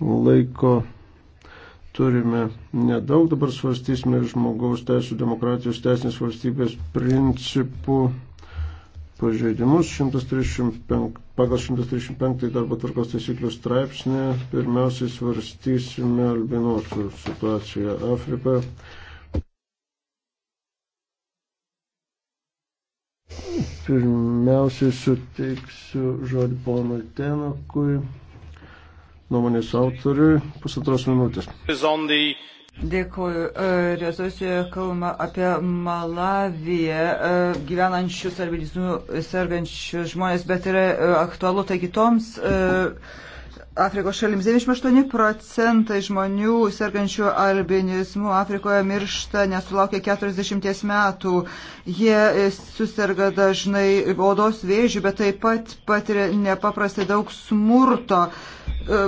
laiko turime nedaug. Dabar svarstysime žmogaus teisų, demokratijos teisinės valstybės principų pažeidimus 135, pagal 135 darbo tvarkos taisyklių straipsnį. Pirmiausiai svarstysime albinočių situaciją Afrikoje. Pirmiausiai suteiksiu žodį ponui Tenokui nuomonės autoriui pusantros minutės. Dėkuoju. E, rezoliucijoje kalbama apie Malaviją e, gyvenančius arba sergančius žmonės, bet yra e, aktualu tai kitoms. E, Afrikos šalims. 98 procentai žmonių sergančių albinizmu Afrikoje miršta nesulaukia 40 metų. Jie e, susirga dažnai odos vėžių, bet taip pat patiria nepaprastai daug smurto. E,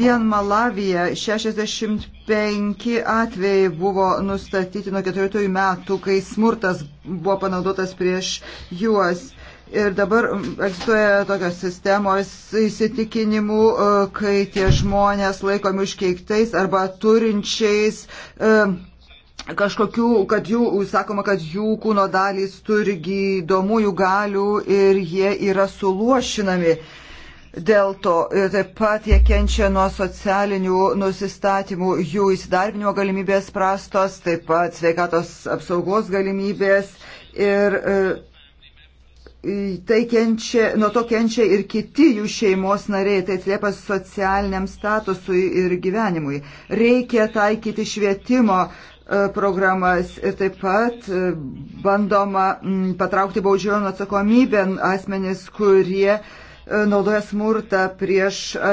vien Malavija 65 atvejai buvo nustatyti nuo 14 metų, kai smurtas buvo panaudotas prieš juos Ir dabar egzistuoja tokios sistemos įsitikinimų, e, kai tie žmonės laikomi iškeiktais arba turinčiais e, kažkokių, kad jų, sakoma, kad jų kūno dalys turi gydomųjų galių ir jie yra suluošinami. Dėl to taip pat jie kenčia nuo socialinių nusistatymų, jų įsidarbinimo galimybės prastos, taip pat sveikatos apsaugos galimybės ir e, tai kenčia, nuo to kenčia ir kiti jų šeimos nariai, tai atsiliepia socialiniam statusui ir gyvenimui. Reikia taikyti švietimo e, programas ir taip pat e, bandoma patraukti baudžiojimo atsakomybę asmenis, kurie uh, naudoja smurtą prieš e,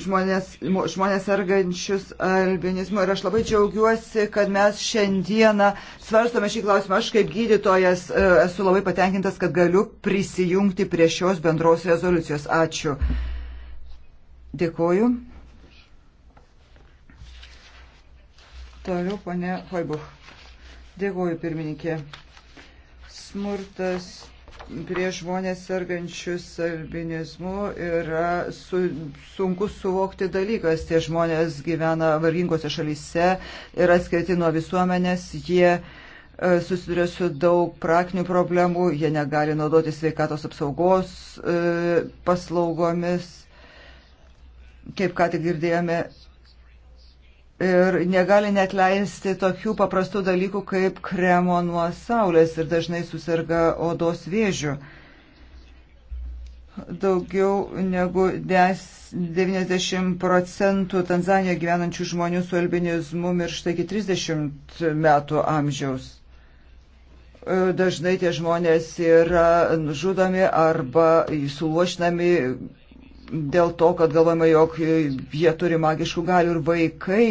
žmonės, žmonės sergančius albinizmu. Ir aš labai džiaugiuosi, kad mes šiandieną svarstome šį klausimą. Aš kaip gydytojas e, esu labai patenkintas, kad galiu prisijungti prie šios bendros rezoliucijos. Ačiū. Dėkuoju. Toliau, ponė Hoibuch. Dėkuoju, pirmininkė. Smurtas prieš žmonės sergančius albinizmu yra su, sunku suvokti dalykas. Tie žmonės gyvena vargingose šalyse, yra atskirti nuo visuomenės, jie e, susiduria su daug praktinių problemų, jie negali naudoti sveikatos apsaugos e, paslaugomis. Kaip ką tik girdėjome, ir negali net leisti tokių paprastų dalykų kaip kremo nuo saulės ir dažnai susirga odos vėžių. Daugiau negu 90 procentų Tanzanijoje gyvenančių žmonių su albinizmu miršta iki 30 metų amžiaus. E, dažnai tie žmonės yra žudomi arba suluošinami dėl to, kad galvojama, jog jie turi magiškų galių ir vaikai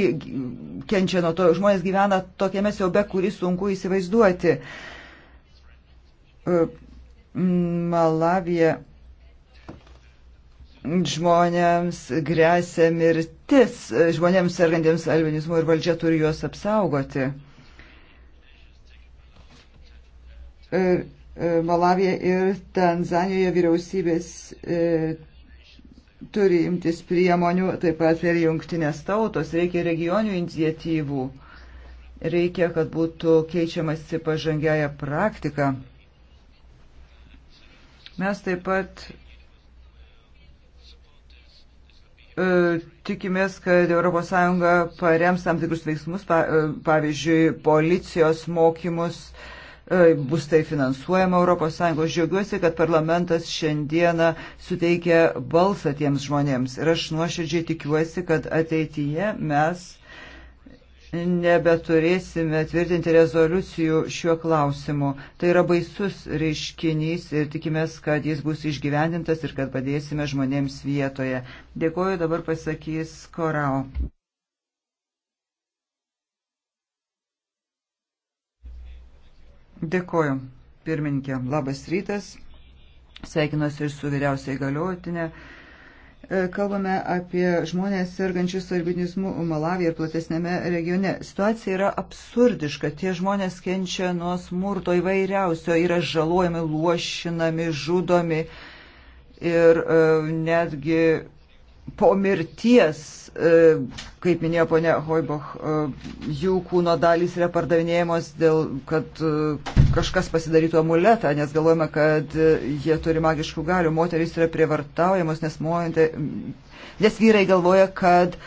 kenčia nuo to, žmonės gyvena tokiame siaube, kurį sunku įsivaizduoti. E, Malavija žmonėms grėsia mirtis, žmonėms sergantiems albinizmu ir valdžia turi juos apsaugoti. E, e, Malavija ir Tanzanijoje vyriausybės turi imtis priemonių, taip pat ir jungtinės tautos, reikia regionių iniciatyvų, reikia, kad būtų keičiamasi pažangiaja praktika. Mes taip pat e, tikimės, kad ES parems tam tikrus veiksmus, pa, e, pavyzdžiui, policijos mokymus, e, E, bus tai finansuojama ES. Džiaugiuosi, kad parlamentas šiandieną suteikia balsą tiems žmonėms ir aš nuoširdžiai tikiuosi, kad ateityje mes nebeturėsime tvirtinti rezoliucijų šiuo klausimu. Tai yra baisus reiškinys ir tikimės, kad jis bus išgyvendintas ir kad padėsime žmonėms vietoje. Dėkuoju, dabar pasakys Korau. Dėkoju, pirmininkė. Labas rytas. Sveikinuosi ir su vyriausiai galiotinė. E, kalbame apie žmonės sergančius albinizmu Malavijoje ir platesnėme regione. Situacija yra absurdiška. Tie žmonės kenčia nuo smurto įvairiausio, yra žalojami, luošinami, žudomi ir e, netgi po mirties, e, kaip minėjo ponė Hoiboch, e, jų kūno dalys yra pardavinėjamos dėl, kad e, kažkas pasidarytų amuletą, nes galvojame, kad jie turi magiškų galių. Moterys yra prievartaujamos, nes, mointe, nes vyrai galvoja, kad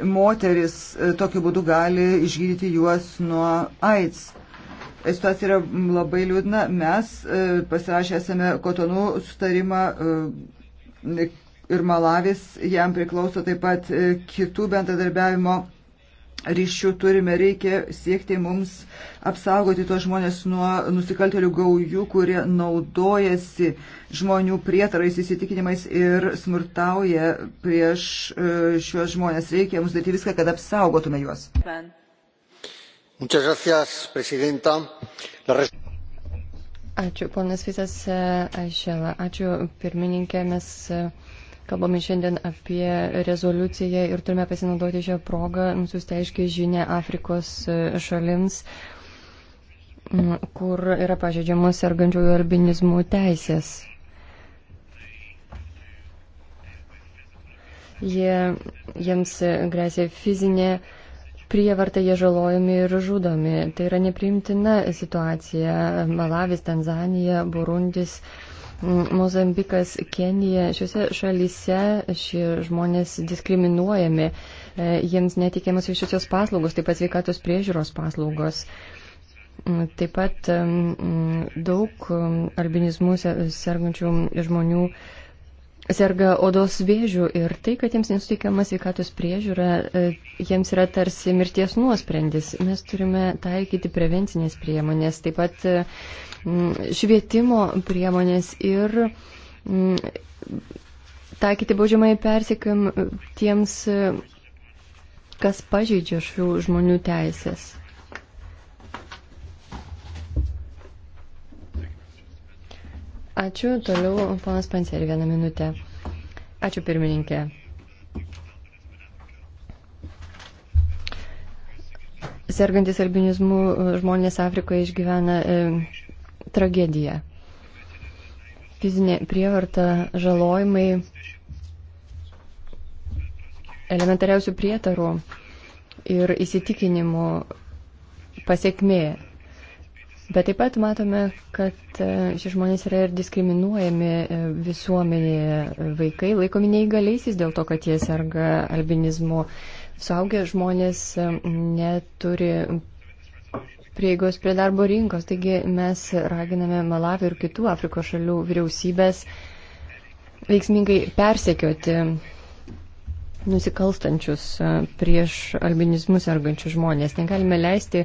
moteris tokiu būdu gali išgydyti juos nuo AIDS. Situacija yra labai liūdna. Mes pasirašę esame kotonų sutarimą ir Malavis, jam priklauso taip pat e, kitų bendradarbiavimo ryšių turime, reikia siekti mums apsaugoti tos žmonės nuo nusikaltelių gaujų, kurie naudojasi žmonių prietarais įsitikinimais ir smurtauja prieš e, šiuos žmonės. Reikia mums daryti viską, kad apsaugotume juos. Muchas gracias, presidenta. La... Ačiū, ponas Visas e, Aišela. Ačiū, pirmininkė. Mes e, Kalbame šiandien apie rezoliuciją ir turime pasinaudoti šią progą nusiųsti aiškiai žinę Afrikos e, šalims, kur yra pažeidžiamos sergančiųjų albinizmų teisės. Jie, jiems grėsia fizinė prievarta jie žalojami ir žudomi. Tai yra nepriimtina situacija. Malavis, Tanzanija, Burundis. Mozambikas, Kenija, šiuose šalyse šie žmonės diskriminuojami, e, jiems netikiamas viešosios paslaugos, taip pat sveikatos priežiūros paslaugos. Taip pat daug albinizmų sergančių žmonių serga odos vėžių ir tai, kad jiems nesuteikiama sveikatos priežiūra, e, jiems yra tarsi mirties nuosprendis. Mes turime taikyti prevencinės priemonės, taip pat e, švietimo priemonės ir taikyti baudžiamai persikam tiems, e, kas pažeidžia šių žmonių teisės. Ačiū. Toliau ponas Panseri vieną minutę. Ačiū pirmininkė. Sergantis albinizmu žmonės Afrikoje išgyvena e, tragediją. Fizinė prievarta, žalojimai, elementariausių prietarų ir įsitikinimų pasiekmė Bet taip pat matome, kad e, šie žmonės yra ir diskriminuojami e, visuomenėje. E, vaikai laikomi neįgaliaisiais dėl to, kad jie serga albinizmu. Suaugę žmonės neturi prieigos prie darbo rinkos. Taigi mes raginame Malavį ir kitų Afrikos šalių vyriausybės veiksmingai persekioti nusikalstančius prieš albinizmus argančius žmonės. Negalime leisti,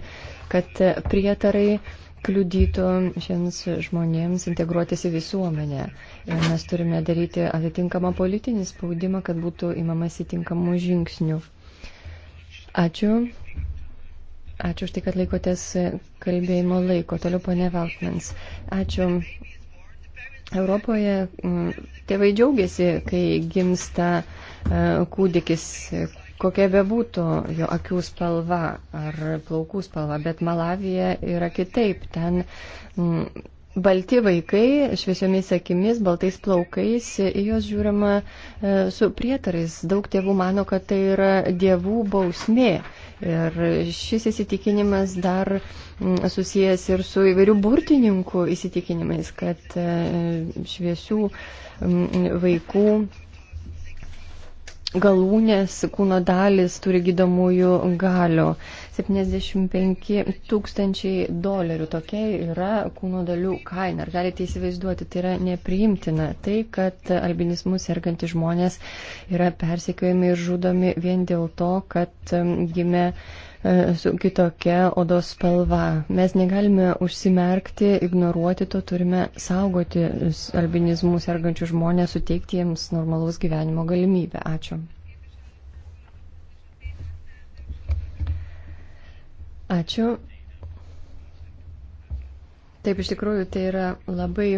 kad prietarai kliudytų šiems žmonėms integruotis į visuomenę. Ir mes turime daryti atitinkamą politinį spaudimą, kad būtų įmamas įtinkamų žingsnių. Ačiū. Ačiū už tai, kad laikotės kalbėjimo laiko. Toliau ponė Valtmans. Ačiū. Europoje mm, tėvai džiaugiasi, kai gimsta e, kūdikis, kokia bebūtų jo akių spalva ar plaukų spalva, bet Malavija yra kitaip. Ten m, mm, balti vaikai, šviesiomis akimis, baltais plaukais, į juos žiūrima e, su prietarais. Daug tėvų mano, kad tai yra dievų bausmė. Ir šis įsitikinimas dar m, mm, susijęs ir su įvairių burtininkų įsitikinimais, kad e, šviesių m, mm, vaikų galūnės kūno dalis turi gydomųjų galių. 75 tūkstančiai dolerių tokia yra kūno dalių kaina. Ar galite įsivaizduoti, tai yra nepriimtina. Tai, kad albinizmu sergantys žmonės yra persekiojami ir žudomi vien dėl to, kad um, gimė E, su kitokia odos spalva. Mes negalime užsimerkti, ignoruoti to, turime saugoti albinizmų sergančių žmonės, suteikti jiems normalaus gyvenimo galimybę. Ačiū. Ačiū. Taip, iš tikrųjų, tai yra labai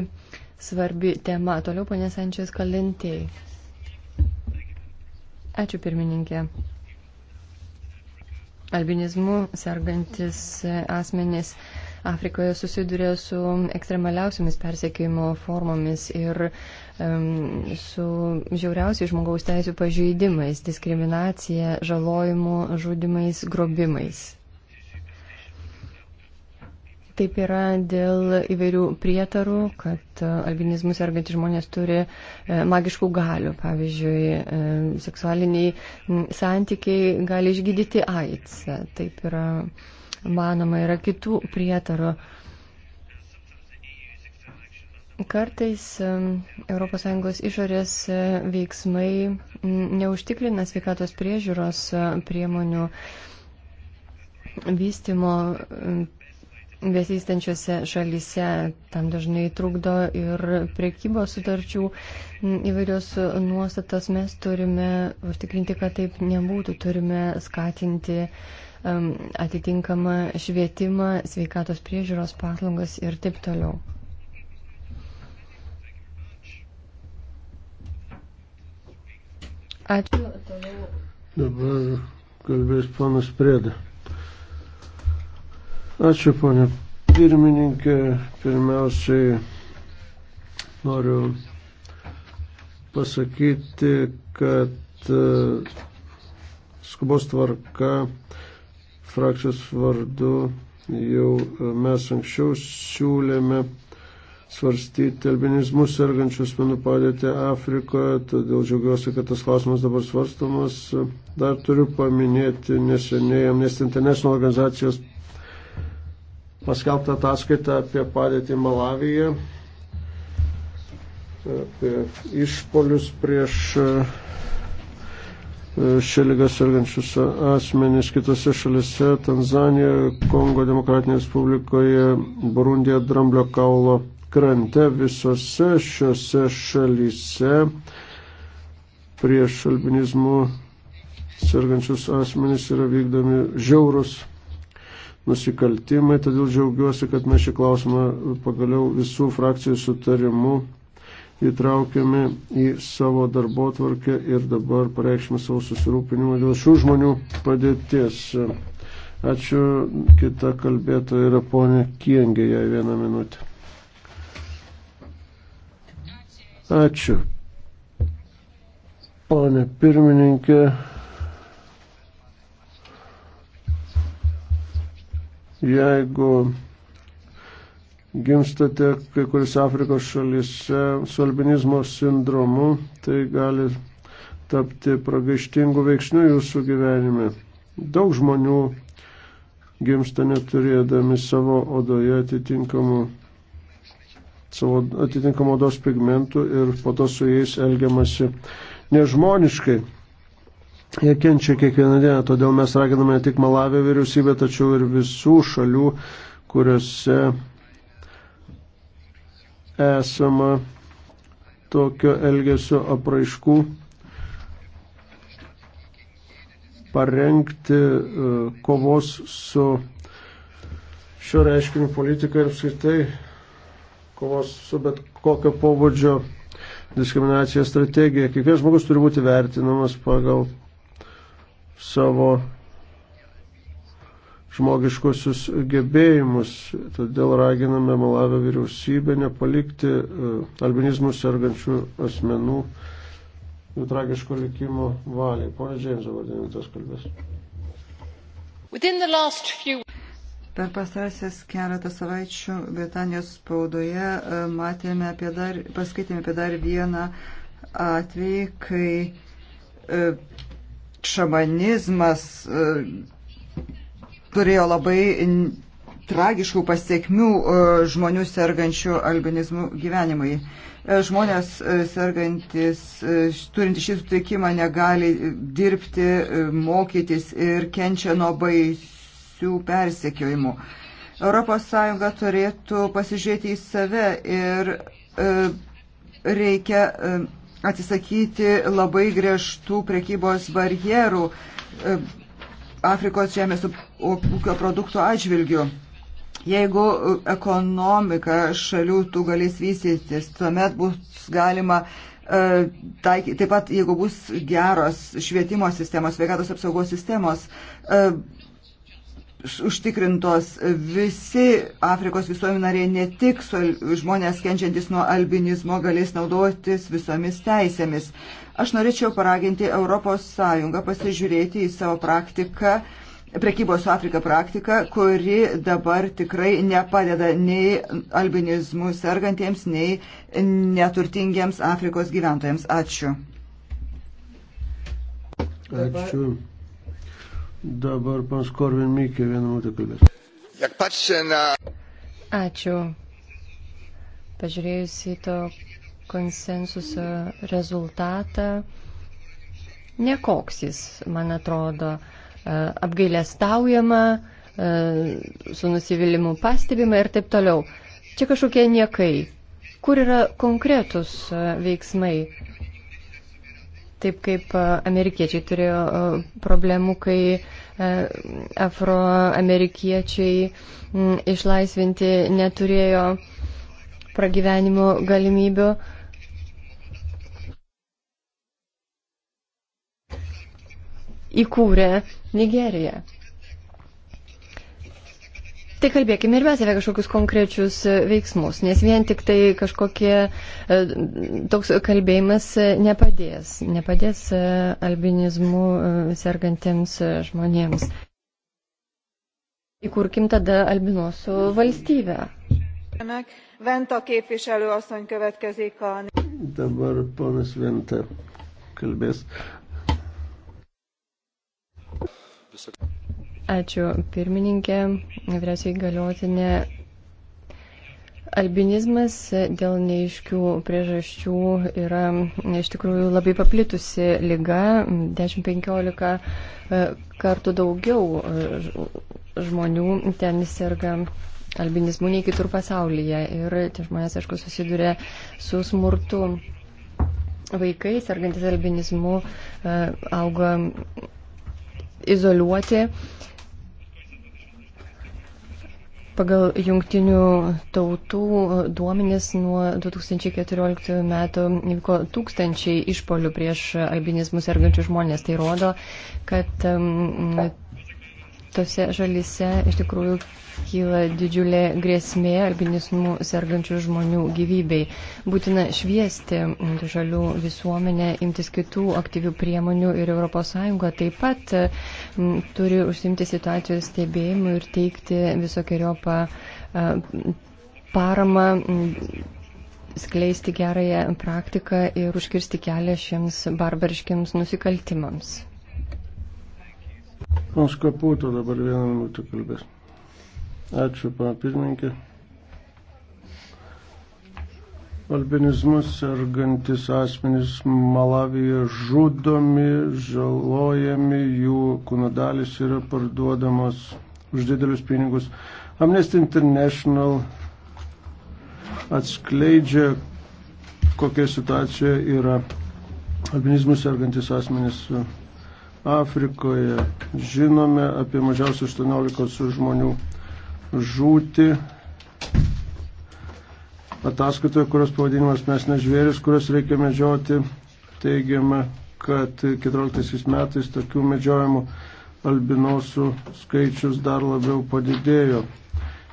svarbi tema. Toliau, ponė Sančias Kalintėjai. Ačiū, pirmininkė albinizmu sergantis asmenys Afrikoje susiduria su ekstremaliausiamis persiekimo formomis ir um, su žiauriausiais žmogaus teisų pažeidimais, diskriminacija, žalojimu, žudimais, grobimais. Taip yra dėl įvairių prietarų, kad e, albinizmus sergantys žmonės turi e, magiškų galių. Pavyzdžiui, e, seksualiniai santykiai gali išgydyti AIDS. Taip yra manoma, yra kitų prietarų. Kartais ES išorės veiksmai neužtikrina sveikatos priežiūros priemonių vystimo besistančiose šalyse. Tam dažnai trukdo ir priekybos sutarčių įvairios nuostatas. Mes turime užtikrinti, kad taip nebūtų. Turime skatinti atitinkamą švietimą, sveikatos priežiūros paslaugas ir taip toliau. Ačiū. Toliau. Dabar kalbės panas Prėda. Ačiū, ponė pirmininkė. Pirmiausiai noriu pasakyti, kad e, skubos tvarka frakcijos vardu jau e, mes anksčiau siūlėme svarstyti albinizmų sergančius menų padėtį Afrikoje, todėl džiaugiuosi, kad tas klausimas dabar svarstomas. Dar turiu paminėti neseniai Amnesty International organizacijos paskelbtą ataskaitą apie padėtį Malavyje, apie išpolius prieš e, šią lygą sergančius asmenys kitose šalise - Tanzanijoje, Kongo Demokratinėje Respublikoje, Burundija, Dramblio kaulo krante visose šiose šalyse prieš albinizmų sergančius asmenys yra vykdomi žiaurus nusikaltimai, todėl džiaugiuosi, kad mes šį klausimą pagaliau visų frakcijų sutarimu įtraukiame į savo darbo tvarkę ir dabar pareikšime savo susirūpinimą dėl šių žmonių padėties. Ačiū, kita kalbėtoja yra ponė Kiengė, jai vieną minutę. Ačiū. Pone pirmininkė, Jeigu gimstate kai kuris Afrikos šalyse su albinizmo sindromu, tai gali tapti pragaištingų veiksnių jūsų gyvenime. Daug žmonių gimsta neturėdami savo odoje atitinkamų savo atitinkamų odos pigmentų ir po to su jais elgiamasi nežmoniškai. Jie kenčia kiekvieną dieną, todėl mes raginame ne tik Malavio vyriausybę, tačiau ir visų šalių, kuriuose esama tokio elgesio apraiškų parengti e, kovos su šio reiškiniu politika ir apskritai kovos su bet kokio pobūdžio diskriminacija strategija. Kiekvienas žmogus turi būti vertinamas pagal savo žmogiškosius gebėjimus. Todėl raginame Malavio vyriausybę nepalikti e, albinizmų sergančių asmenų jų tragiško likimo valiai. Pone Džeimso vardininkas kalbės. Few... Per pastarąsias keletą savaičių Britanijos spaudoje e, matėme apie dar, paskaitėme apie dar vieną atvejį, kai e, šamanizmas e, turėjo labai tragiškų pasiekmių e, žmonių sergančių albinizmu gyvenimui. E, žmonės sergantis, turintys šį sutrikimą, negali dirbti, mokytis ir kenčia nuo baisių persekiojimų. ES turėtų pasižiūrėti į save ir reikia atsisakyti labai griežtų prekybos barjerų e, Afrikos žemės ūkio produktų atžvilgių. Jeigu e, ekonomika šalių tų galės vystytis, tuomet bus galima e, taikyti, taip pat jeigu bus geros švietimo sistemos, sveikatos apsaugos sistemos, užtikrintos visi Afrikos visuomenė nariai, ne tik žmonės kenčiantis nuo albinizmo, galės naudotis visomis teisėmis. Aš norėčiau paraginti ES pasižiūrėti į savo praktiką, prekybos su Afrika praktiką, kuri dabar tikrai nepadeda nei albinizmų sergantiems, nei neturtingiems Afrikos gyventojams. Ačiū. Ačiū. Dabar... Dabar pans Korvin Mykė vieną minutę kalbės. Ačiū. Pažiūrėjus į to konsensuso rezultatą, nekoks jis, man atrodo, e, apgailėstaujama, e, su nusivylimu pastebima ir taip toliau. Čia kažkokie niekai. Kur yra konkretus e, veiksmai? taip kaip e, amerikiečiai turėjo e, problemų, kai e, afroamerikiečiai išlaisvinti neturėjo pragyvenimo galimybių. Įkūrė Nigeriją. Tai kalbėkime ir mes apie kažkokius konkrečius e, veiksmus, nes vien tik tai kažkokie e, toks kalbėjimas e, nepadės, nepadės albinizmu sergantiems žmonėms. Įkurkim tada albinosų valstybę. Venta képviselő asszony következik a... Dabar ponas Venta kalbės. Ačiū pirmininkė, vyriausiai galiotinė. Albinizmas dėl neiškių priežasčių yra iš tikrųjų labai paplitusi lyga, 10-15 e, kartų daugiau e, žmonių ten serga albinizmu nei kitur pasaulyje ir tie žmonės, aišku, susiduria su smurtu. Vaikai sergantis albinizmu e, auga izoliuoti Pagal jungtinių tautų e, duomenis nuo 2014 metų vyko tūkstančiai išpolių prieš albinizmus sergančių žmonės. Tai rodo, kad tose šalyse iš tikrųjų kyla didžiulė grėsmė albinizmų sergančių žmonių gyvybei. Būtina šviesti šalių visuomenę, imtis kitų aktyvių priemonių ir ES taip pat turi užsimti situacijos stebėjimu ir teikti visokiojopą paramą skleisti gerąją praktiką ir užkirsti kelią šiems barbariškiams nusikaltimams. Pons Kaputo dabar vieną minutę kalbės. Ačiū, pana pirmininkė. Albinizmus sergantis asmenys Malavijoje žudomi, žalojami, jų kūno dalis yra parduodamos už didelius pinigus. Amnesty International atskleidžia, kokia situacija yra albinizmus sergantis asmenys Afrikoje. Žinome apie mažiausiai 18 žmonių žūti. Ataskaitoje, kurios pavadinimas mes nežvėris, kurios reikia medžioti, teigiama, kad 14 metais tokių medžiojimų albinosų skaičius dar labiau padidėjo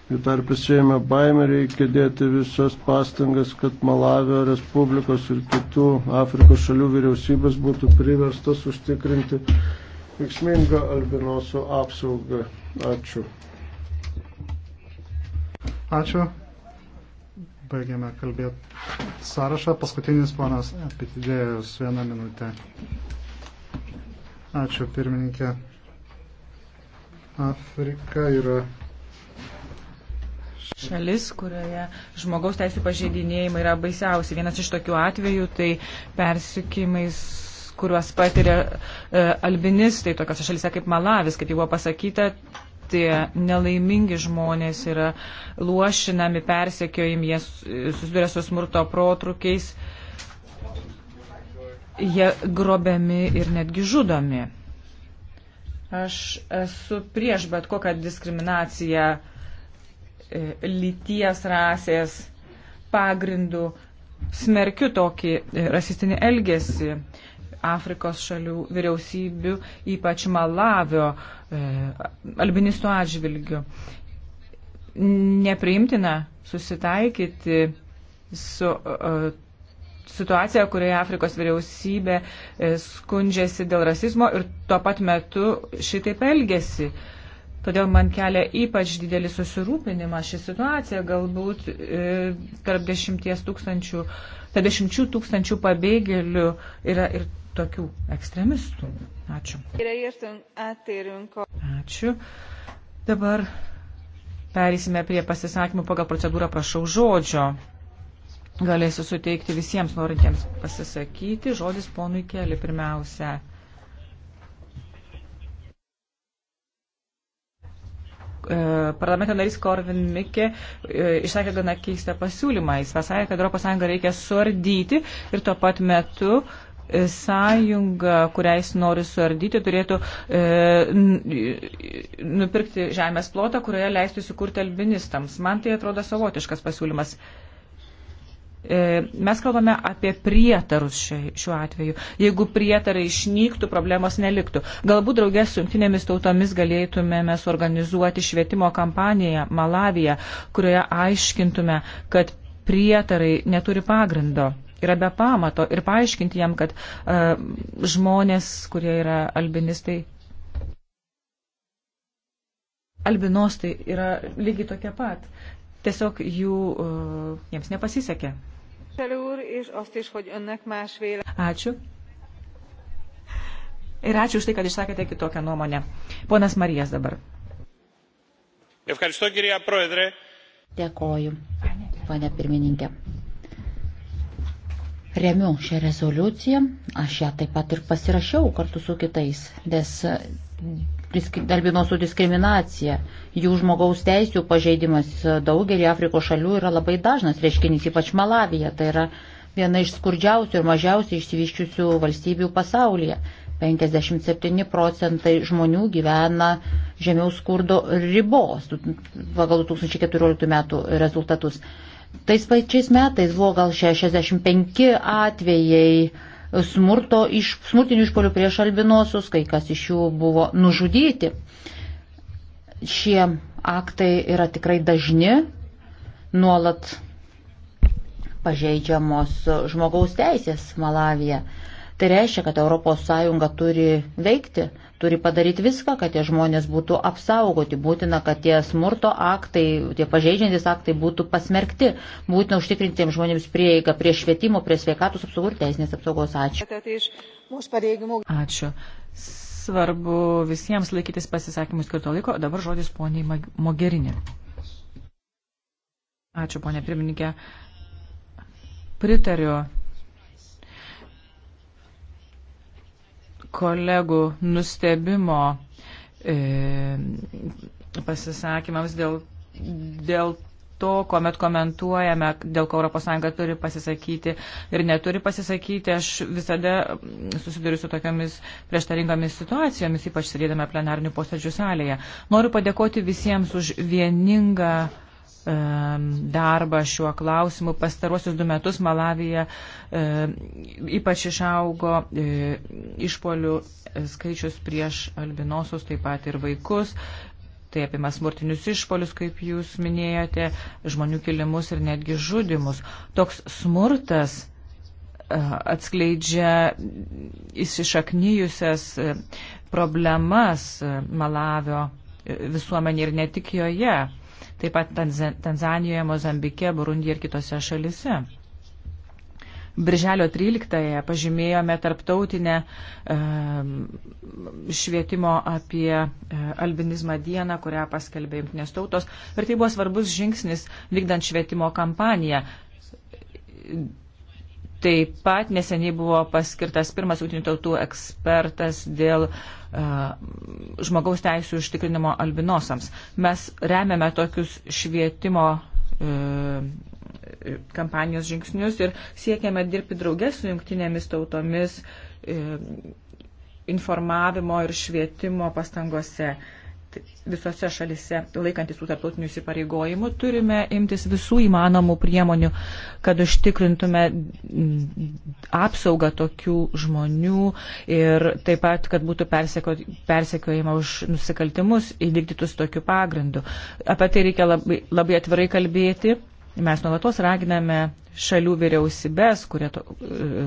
jų tarp įsėjame baimę, reikia dėti visas pastangas, kad Malavio Respublikos ir kitų Afrikos šalių vyriausybės būtų priverstas užtikrinti veiksmingą albinosų apsaugą. Ačiū. Ačiū. Baigiame kalbėti sąrašą. Paskutinis planas apitidėjus vieną minutę. Ačiū, pirmininkė. Afrika yra šalis, kurioje žmogaus teisų pažeidinėjimai yra baisiausi. Vienas iš tokių atvejų tai persikimais kuriuos patiria e, albinistai tokiose šalise kaip Malavis, kaip jau buvo pasakyta, tie nelaimingi žmonės yra luošinami, persekiojami, jie susiduria su smurto protrukiais, jie grobiami ir netgi žudomi. Aš esu prieš bet kokią diskriminaciją E, lyties, rasės pagrindų. Smerkiu tokį e, rasistinį elgesį Afrikos šalių vyriausybių, ypač Malavio e, albinistų atžvilgių. Nepriimtina susitaikyti su situacija, kurioje Afrikos vyriausybė skundžiasi dėl rasizmo ir tuo pat metu šitaip elgesi. Uh, Todėl man kelia ypač didelį susirūpinimą ši situacija. Galbūt e, tarp dešimties tūkstančių, tarp dešimčių tūkstančių pabėgėlių yra ir tokių ekstremistų. Ačiū. Ačiū. Dabar perėsime prie pasisakymų pagal procedūrą prašau žodžio. Galėsiu suteikti visiems norintiems pasisakyti. Žodis ponui keli pirmiausia. E, parlamento narys Korvin Mikė e, išsakė gana keistą pasiūlymą. Jis pasakė, kad ES reikia suardyti ir tuo pat metu e, sąjunga, kuriais nori suardyti, turėtų e, nupirkti žemės plotą, kurioje leistų įsikurti albinistams. Man tai atrodo savotiškas pasiūlymas. E, E, mes kalbame apie prietarus šiuo atveju. Jeigu prietarai išnyktų, problemos neliktų. Galbūt draugės su jungtinėmis tautomis galėtumėme suorganizuoti švietimo kampaniją Malaviją, kurioje aiškintume, kad prietarai neturi pagrindo. Yra be pamato ir paaiškinti jam, kad uh, žmonės, kurie yra albinistai, albinostai yra lygiai tokie pat. Tiesiog jų, uh, jiems nepasisekė. Ačiū. Ir ačiū už tai, kad išsakėte kitokią nuomonę. Ponas Marijas dabar. Dėkoju, ponė pirmininkė. Remiu šią rezoliuciją, aš ją taip pat ir pasirašiau kartu su kitais, nes darbino su diskriminacija. Jų žmogaus teisų pažeidimas daugelį Afrikos šalių yra labai dažnas reiškinys, ypač Malavija. Tai yra viena iš skurdžiausių ir mažiausiai išsivyščiusių valstybių pasaulyje. 57 procentai žmonių gyvena žemiau skurdo ribos pagal 2014 metų rezultatus. Tais pačiais metais buvo gal 65 atvejai smurto iš, smurtinių išpolių prieš albinosius, kai kas iš jų buvo nužudyti. Šie aktai yra tikrai dažni, nuolat pažeidžiamos žmogaus teisės Malavija. Tai reiškia, kad ES turi veikti, turi padaryti viską, kad tie žmonės būtų apsaugoti, būtina, kad tie smurto aktai, tie pažeidžiantis aktai būtų pasmerkti, būtina užtikrinti tiem žmonėms prieigą prie švietimo, prie sveikatos apsaugos ir teisinės apsaugos. Ačiū. Ačiū. Svarbu visiems laikytis pasisakymų skirto laiko. Dabar žodis poniai Mogerinė. Ačiū, ponė pirmininkė. Pritariu kolegų nustebimo e, pasisakymams dėl, dėl to, kuomet komentuojame, dėl ko ES turi pasisakyti ir neturi pasisakyti, aš visada susiduriu su tokiamis prieštaringomis situacijomis, ypač sėdėdame plenarnių posėdžių salėje. Noriu padėkoti visiems už vieningą darbą šiuo klausimu. Pastaruosius du metus Malavija ypač išaugo e, išpolių e, skaičius prieš albinosus, taip pat ir vaikus. Tai apima smurtinius išpolius, kaip jūs minėjote, žmonių kilimus ir netgi žudimus. Toks smurtas e, atskleidžia įsišaknyjusias problemas Malavio visuomenė ir ne tik joje taip pat Tanzanijoje, Mozambike, Burundije ir kitose šalise. Birželio 13-ąją pažymėjome tarptautinę e, švietimo apie e, albinizmą dieną, kurią paskelbė Junktinės tautos. Ir tai buvo svarbus žingsnis vykdant švietimo kampaniją Taip pat neseniai buvo paskirtas pirmas jungtinių tautų ekspertas dėl uh, žmogaus teisų užtikrinimo albinosams. Mes remiame tokius švietimo uh, kampanijos žingsnius ir siekiame dirbti draugės su jungtinėmis tautomis uh, informavimo ir švietimo pastangose. Uh, visose šalise laikantis tų tarptautinių įsipareigojimų, turime imtis visų įmanomų priemonių, kad užtikrintume apsaugą tokių žmonių ir taip pat, kad būtų perseko, persekiojama už nusikaltimus įvykdytus tokiu pagrindu. Apie tai reikia labai, labai atvirai kalbėti. Mes nuolatos raginame šalių vyriausybės, to,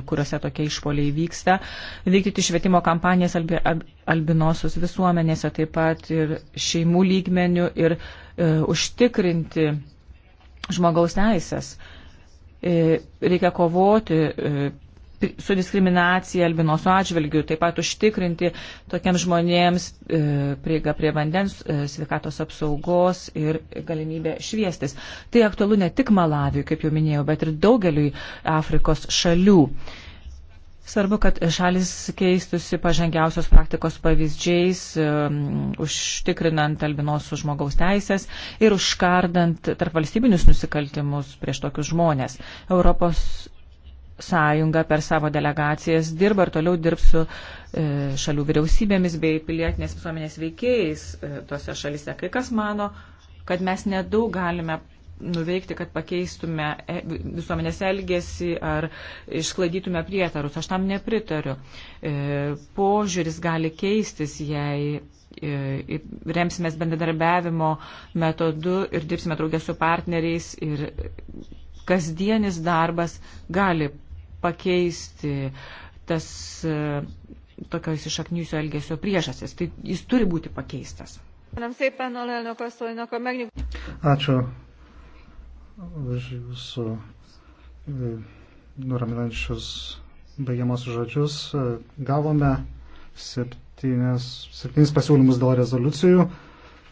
kuriuose tokie išpoliai vyksta, vykdyti švietimo kampanijas albi, ab, albinosios visuomenėse, taip pat ir šeimų lygmenių ir e, užtikrinti žmogaus teisės. E, reikia kovoti e, su diskriminacija albinoso atžvilgių, taip pat užtikrinti tokiems žmonėms e, prieiga prie vandens, e, sveikatos apsaugos ir galimybę šviestis. Tai aktualu ne tik Malaviui, kaip jau minėjau, bet ir daugeliui Afrikos šalių. Svarbu, kad šalis keistusi pažangiausios praktikos pavyzdžiais, e, užtikrinant albinosų žmogaus teisės ir užkardant tarp valstybinius nusikaltimus prieš tokius žmonės. Europos sąjunga per savo delegacijas dirba ir toliau dirbs su e, šalių vyriausybėmis bei pilietinės visuomenės veikėjais e, tose šalise. Kai kas mano, kad mes nedaug galime nuveikti, kad pakeistume e, visuomenės elgesį ar išsklaidytume prietarus. Aš tam nepritariu. Požiūris gali keistis, jei remsimės bendradarbiavimo metodu ir dirbsime draugės su partneriais ir kasdienis darbas gali pakeisti tas e, tokio įsišaknyjusio elgesio priežasis. Tai jis turi būti pakeistas. Ačiū už jūsų e, nuraminančius baigiamus žodžius. E, gavome septynes, septynis pasiūlymus dėl rezoliucijų.